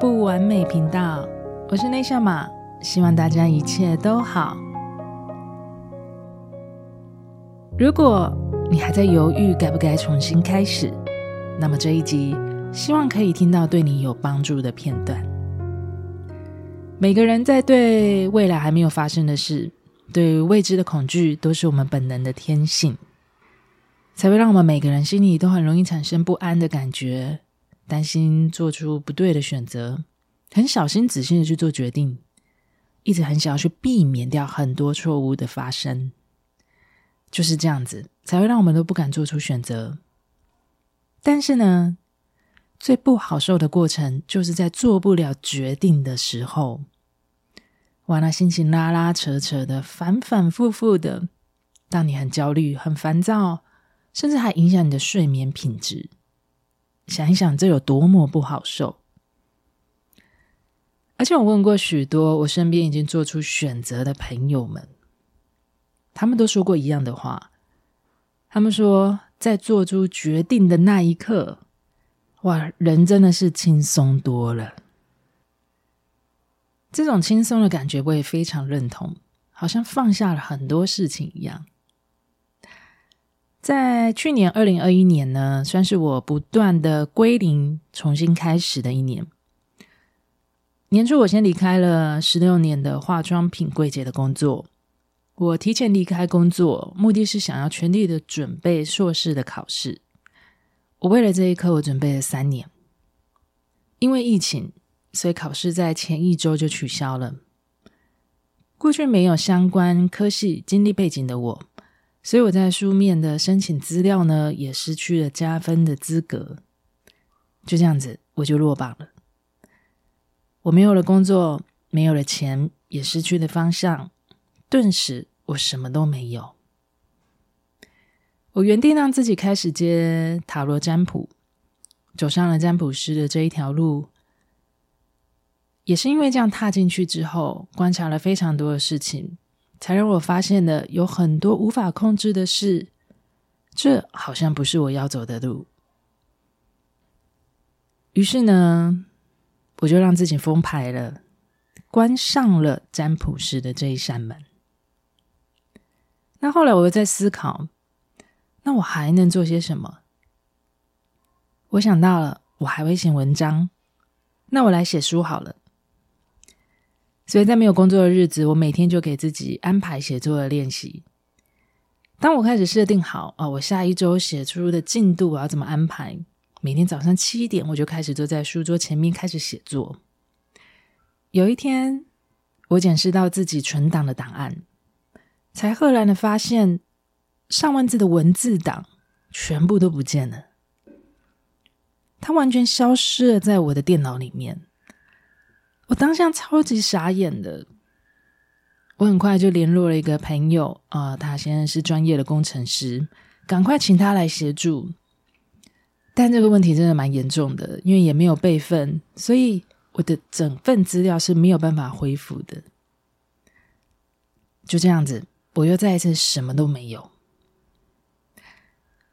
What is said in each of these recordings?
不完美頻道，我是內夏瑪，希望大家一切都好。如果你還在猶豫該不該重新開始，那麼這一集希望可以聽到對你有幫助的片段。每個人在對未來還沒有發生的事、對未知的恐懼，都是我們本能的天性，才會讓我們每個人心裡都很容易產生不安的感覺。擔心做出不對的選擇，很小心、仔細的去做決定，一直很想要去避免掉很多錯誤的發生，就是這樣子，才會讓我們都不敢做出選擇。但是呢，最不好受的過程就是在做不了決定的時候，哇，那心情拉拉扯扯的，反反复复的，讓你很焦慮、很煩躁，甚至還影響你的睡眠品質。想一想，這有多麼不好受！而且我問過許多我身邊已經做出選擇的朋友們，他們都說過一樣的話，他們說，在做出決定的那一刻，哇，人真的是輕鬆多了。這種輕鬆的感覺，我也非常認同，好像放下了很多事情一樣。在去年二零二一年呢，算是我不斷的歸零、重新開始的一年。年初我先離開了十六年的化妝品櫃姐的工作，我提前離開工作，目的是想要全力的準備碩士的考試。我為了這一刻，我準備了三年。因為疫情，所以考試在前一周就取消了。過去沒有相關科系經歷背景的我。所以我在書面的申請資料呢，也失去了加分的資格，就這樣子，我就落榜了。我沒有了工作，沒有了錢，也失去了方向，頓時我什麼都沒有。我原定讓自己開始接塔羅占卜，走上了占卜師的這一條路，也是因為這樣踏進去之後，觀察了非常多的事情。才讓我發現了有很多無法控制的事，這好像不是我要走的路。於是呢，我就讓自己封牌了，關上了占卜師的這一扇門。那後來我又在思考，那我還能做些什麼？我想到了，我還會寫文章，那我來寫書好了。所以在沒有工作的日子，我每天就給自己安排寫作的練習。當我開始設定好啊，我下一周寫出的進度我要怎麼安排，每天早上七點，我就開始坐在書桌前面開始寫作。有一天，我檢視到自己存檔的檔案，才赫然的發現上萬字的文字檔全部都不見了，它完全消失了在我的電腦裡面。我當下超級傻眼的，我很快就聯絡了一個朋友啊、呃，他現在是專業的工程師，趕快請他來協助。但這個問題真的蠻嚴重的，因為也沒有備份，所以我的整份資料是沒有辦法恢復的。就這樣子，我又再一次什麼都沒有。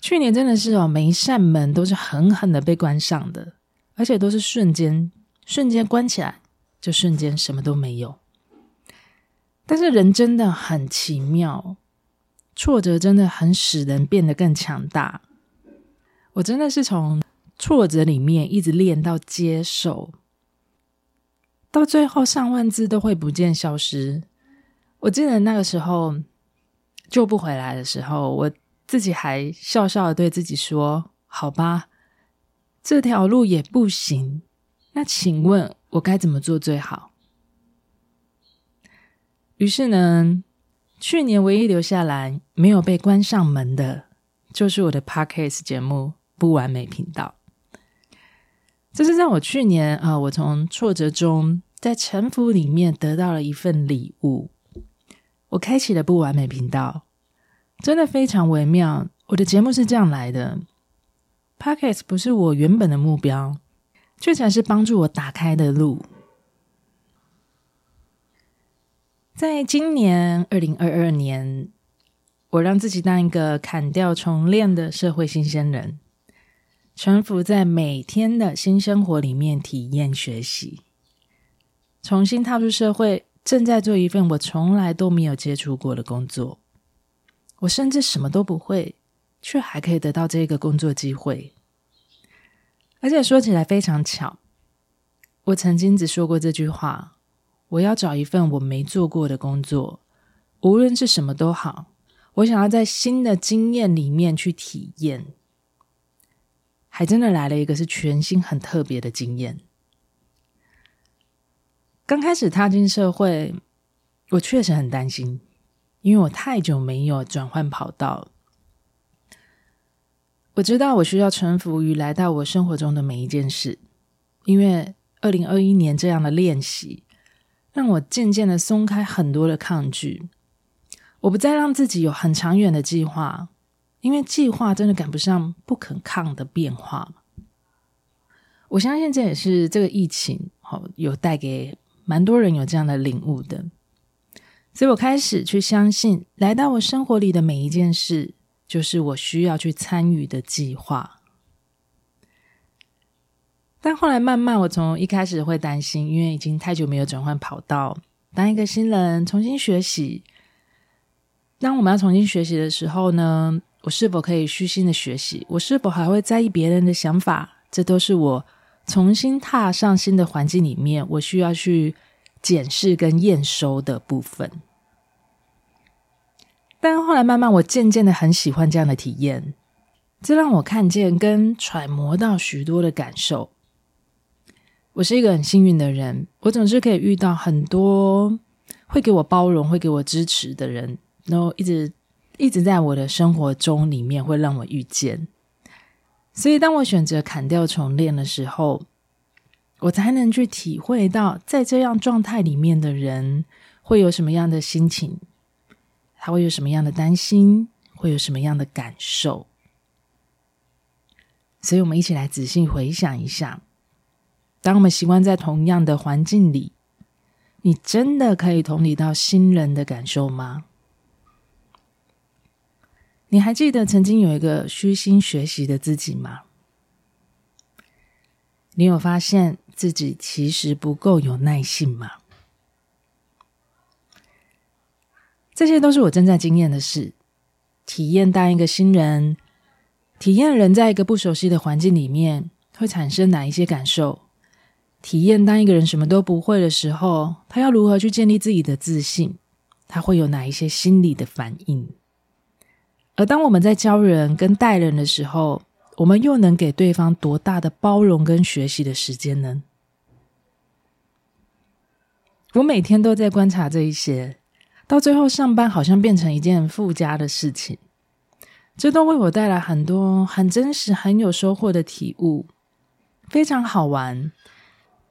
去年真的是哦，每一扇門都是狠狠的被關上的，而且都是瞬間瞬間關起來。就瞬間什麼都沒有。但是人真的很奇妙，挫折真的很使人變得更強大。我真的是從挫折裡面一直練到接受，到最後上萬字都會不見消失。我記得那個時候救不回來的時候，我自己還笑笑的對自己說：“好吧，這條路也不行。”那請問，我該怎麼做最好？於是呢，去年唯一留下來沒有被關上門的，就是我的 Podcast 節目《不完美頻道》。這是在我去年啊、呃，我從挫折中在沉浮裡面得到了一份禮物。我開啟了不完美頻道，真的非常微妙。我的節目是這樣來的：Podcast 不是我原本的目標。這才是幫助我打開的路。在今年二零二二年，我讓自己當一個砍掉重練的社會新鮮人，沉浮在每天的新生活裡面體驗學習，重新踏入社會，正在做一份我從來都沒有接觸過的工作。我甚至什麼都不會，卻還可以得到這個工作機會。而且說起來非常巧，我曾經只說過這句話：我要找一份我沒做過的工作，無論是什麼都好，我想要在新的經驗裡面去體驗。還真的來了一個是全新、很特別的經驗。剛開始踏進社會，我確實很擔心，因為我太久沒有轉換跑道。我知道我需要臣服於來到我生活中的每一件事，因為二零二一年這樣的練習讓我漸漸地鬆開很多的抗拒。我不再讓自己有很長遠的計劃，因為計劃真的趕不上不可抗的變化。我相信這也是這個疫情有帶給蠻多人有這樣的領悟的，所以我開始去相信來到我生活裡的每一件事，就是我需要去參與的計劃，但後來慢慢，我從一開始會擔心，因為已經太久沒有轉換跑道，當一個新人重新學習。當我們要重新學習的時候呢，我是否可以虛心的學習？我是否還會在意別人的想法？這都是我重新踏上新的環境裡面，我需要去檢視跟驗收的部分。但後來慢慢，我漸漸的很喜歡這樣的體驗，這讓我看見跟揣摩到許多的感受。我是一個很幸運的人，我總是可以遇到很多會給我包容、會給我支持的人，然後一直一直在我的生活中裡面會讓我遇見。所以，當我選擇砍掉重練的時候，我才能去體會到在這樣狀態裡面的人會有什麼樣的心情。他會有什麼樣的擔心？會有什麼樣的感受？所以，我們一起來仔細回想一下：當我們習慣在同樣的環境裡，你真的可以同理到新人的感受嗎？你還記得曾經有一個虛心學習的自己嗎？你有發現自己其實不夠有耐性嗎？這些都是我正在經驗的事。體驗當一個新人，體驗人在一個不熟悉的環境裡面會產生哪一些感受？體驗當一個人什麼都不會的時候，他要如何去建立自己的自信？他會有哪一些心理的反應。而當我們在教人跟帶人的時候，我們又能給對方多大的包容跟學習的時間呢？我每天都在觀察這一些。到最後，上班好像變成一件附加的事情。這都為我帶來很多很真實、很有收穫的體悟，非常好玩。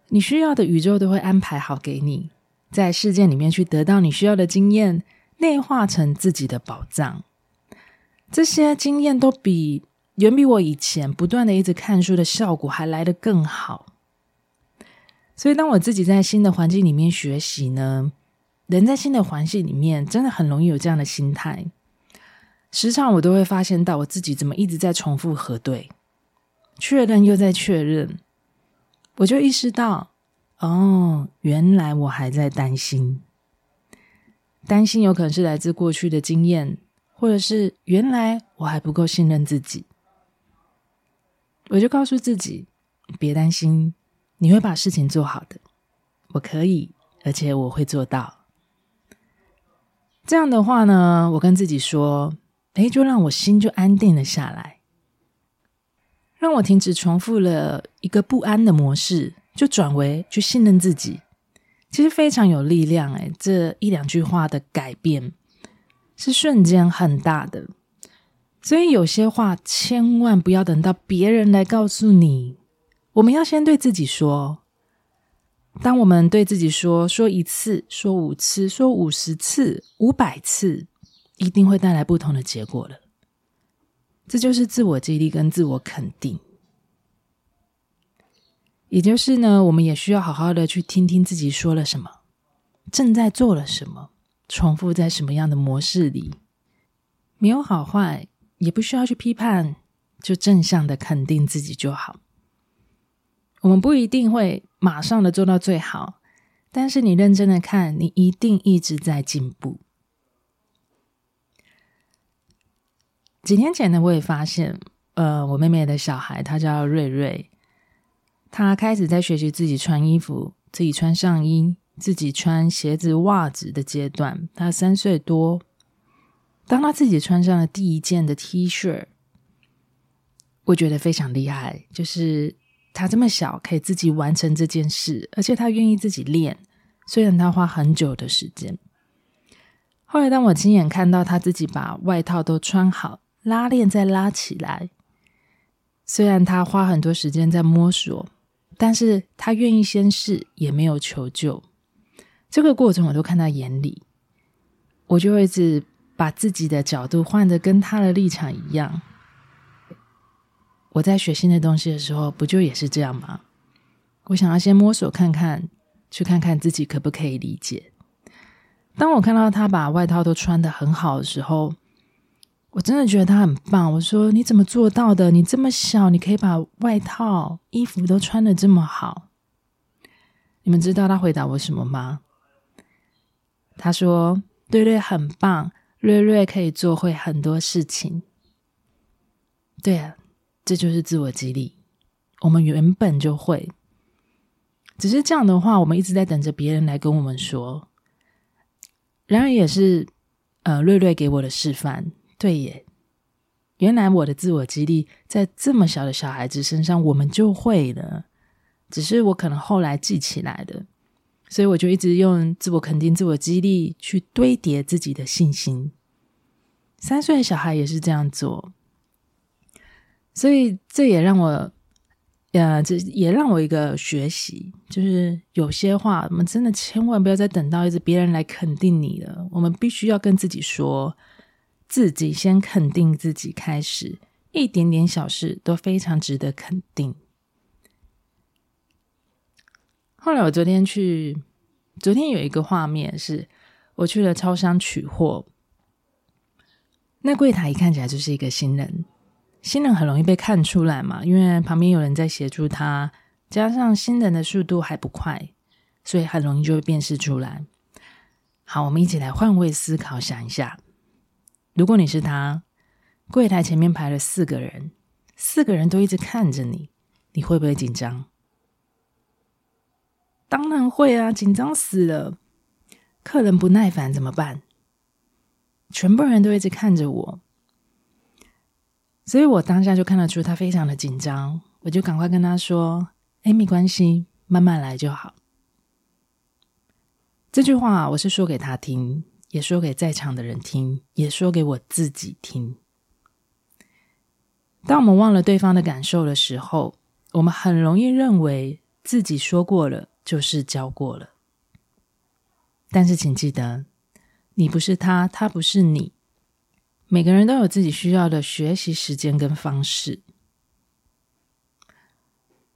你需要的宇宙都會安排好給你，在事件裡面去得到你需要的經驗，內化成自己的寶藏。這些經驗都比遠比我以前不斷的一直看書的效果還來得更好。所以，當我自己在新的環境裡面學習呢？人在新的環境裡面，真的很容易有這樣的心態。時常我都會發現到我自己怎麼一直在重複核對、確認又在確認，我就意識到，哦，原來我還在擔心。擔心有可能是來自過去的經驗，或者是原來我還不夠信任自己。我就告訴自己，別擔心，你會把事情做好的，我可以，而且我會做到。這樣的話呢，我跟自己說：“哎，就讓我心就安定了下來，讓我停止重複了一個不安的模式，就轉為去信任自己。其實非常有力量，哎，這一兩句話的改變是瞬間很大的。所以有些話千萬不要等到別人來告訴你，我們要先對自己說。”當我們對自己說說一次，說五次，說五十次，五百次，一定會帶來不同的結果的。這就是自我激勵跟自我肯定。也就是呢，我們也需要好好的去聽聽自己說了什麼，正在做了什麼，重複在什麼樣的模式裡。沒有好壞，也不需要去批判，就正向的肯定自己就好。我們不一定會。馬上的做到最好，但是你認真的看，你一定一直在進步。幾天前呢，我也發現，呃，我妹妹的小孩，她叫瑞瑞，她開始在學習自己穿衣服、自己穿上衣、自己穿鞋子、襪子的階段。她三歲多，當她自己穿上了第一件的 T 恤，我覺得非常厲害，就是。他這麼小，可以自己完成這件事，而且他願意自己練。雖然他花很久的時間，後來當我親眼看到他自己把外套都穿好，拉鏈再拉起來，雖然他花很多時間在摸索，但是他願意先試，也沒有求救。這個過程我都看在眼裡，我就會只把自己的角度換的跟他的立場一樣。我在學新的東西的時候，不就也是這樣嗎？我想要先摸索看看，去看看自己可不可以理解。當我看到他把外套都穿得很好的時候，我真的覺得他很棒。我說：“你怎麼做到的？你這麼小，你可以把外套、衣服都穿得這麼好？”你們知道他回答我什麼嗎？他說：“瑞瑞很棒，瑞瑞可以做會很多事情。”對啊。這就是自我激勵，我們原本就會，只是這樣的話，我們一直在等着別人來跟我們說。然而，也是呃，瑞瑞給我的示範，對耶，原來我的自我激勵在這麼小的小孩子身上，我們就會了，只是我可能後來記起來的，所以我就一直用自我肯定、自我激勵去堆疊自己的信心。三歲的小孩也是這樣做。所以這也讓我，呃，這也讓我一個學習，就是有些話我們真的千萬不要再等到一直別人來肯定你了，我們必須要跟自己說，自己先肯定自己開始，一點點小事都非常值得肯定。後來我昨天去，昨天有一個畫面是，我去了超商取貨，那櫃檯一看起來就是一個新人。新人很容易被看出來嘛，因為旁邊有人在協助他，加上新人的速度還不快，所以很容易就會辨識出來。好，我們一起來換位思考，想一下，如果你是他，櫃檯前面排了四個人，四個人都一直看着你，你會不會緊張？當然會啊，緊張死了！客人不耐煩怎麼辦？全部人都一直看着我。所以我當下就看得出他非常的緊張，我就趕快跟他說，誒，沒關係，慢慢來就好。這句話我是說給他聽，也說給在場的人聽，也說給我自己聽。當我們忘了對方的感受的時候，我們很容易認為自己說過了就是教過了。但是，請記得，你不是他，他不是你。每個人都有自己需要的學習時間跟方式。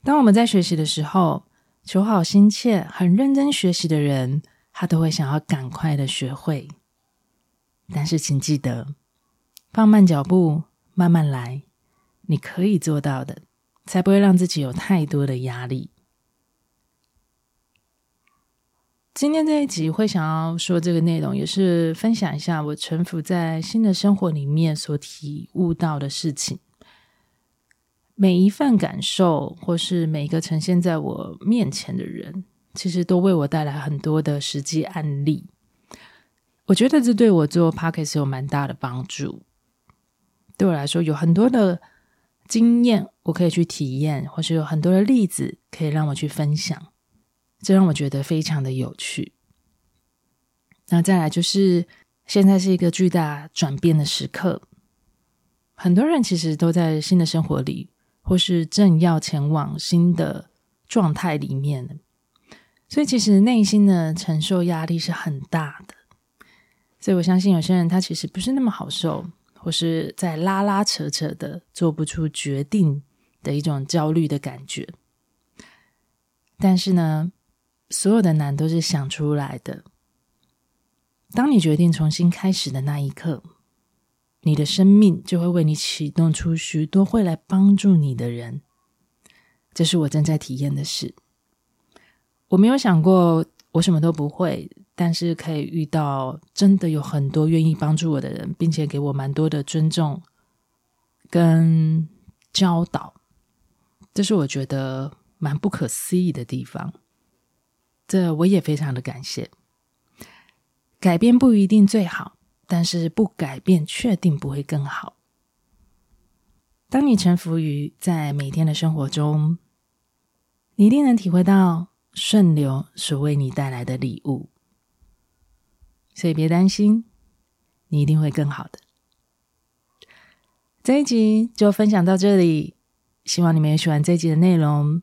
當我們在學習的時候，求好心切、很認真學習的人，他都會想要趕快的學會。但是請記得，放慢腳步，慢慢來，你可以做到的，才不會讓自己有太多的壓力。今天這一集會想要說這個內容，也是分享一下我沉浮在新的生活裡面所體悟到的事情。每一份感受，或是每一個呈現在我面前的人，其實都為我帶來很多的實際案例。我覺得這對我做 podcast 有蠻大的幫助。對我來說，有很多的經驗我可以去體驗，或是有很多的例子可以讓我去分享。這讓我覺得非常的有趣。那再來就是，現在是一個巨大轉變的時刻，很多人其實都在新的生活裡，或是正要前往新的狀態裡面，所以其實內心的承受壓力是很大的。所以我相信有些人他其實不是那麼好受，或是在拉拉扯扯的做不出決定的一種焦慮的感覺。但是呢。所有的難都是想出來的。當你決定重新開始的那一刻，你的生命就會為你啟動出許多會來幫助你的人。這是我正在體驗的事。我沒有想過我什麼都不會，但是可以遇到真的有很多願意幫助我的人，並且給我蠻多的尊重跟教導。這是我覺得蠻不可思議的地方。這我也非常的感謝。改變不一定最好，但是不改變，確定不會更好。當你臣服於在每天的生活中，你一定能體會到順流所為你帶來的禮物。所以別擔心，你一定會更好的。這一集就分享到這裡，希望你們有喜歡這一集的內容。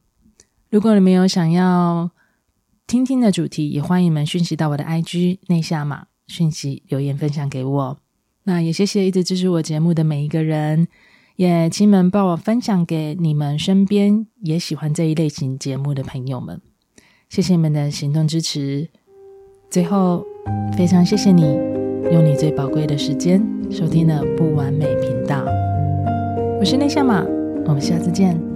如果你們有想要……聽聽的主題，也歡迎你們訊息到我的 IG 內夏瑪訊息留言分享給我。那也謝謝一直支持我節目的每一個人，也請你們幫我分享給你們身邊也喜歡這一類型節目的朋友們。謝謝你們的行動支持。最後，非常謝謝你用你最寶貴的時間收聽了不完美頻道。我是內夏瑪，我們下次見。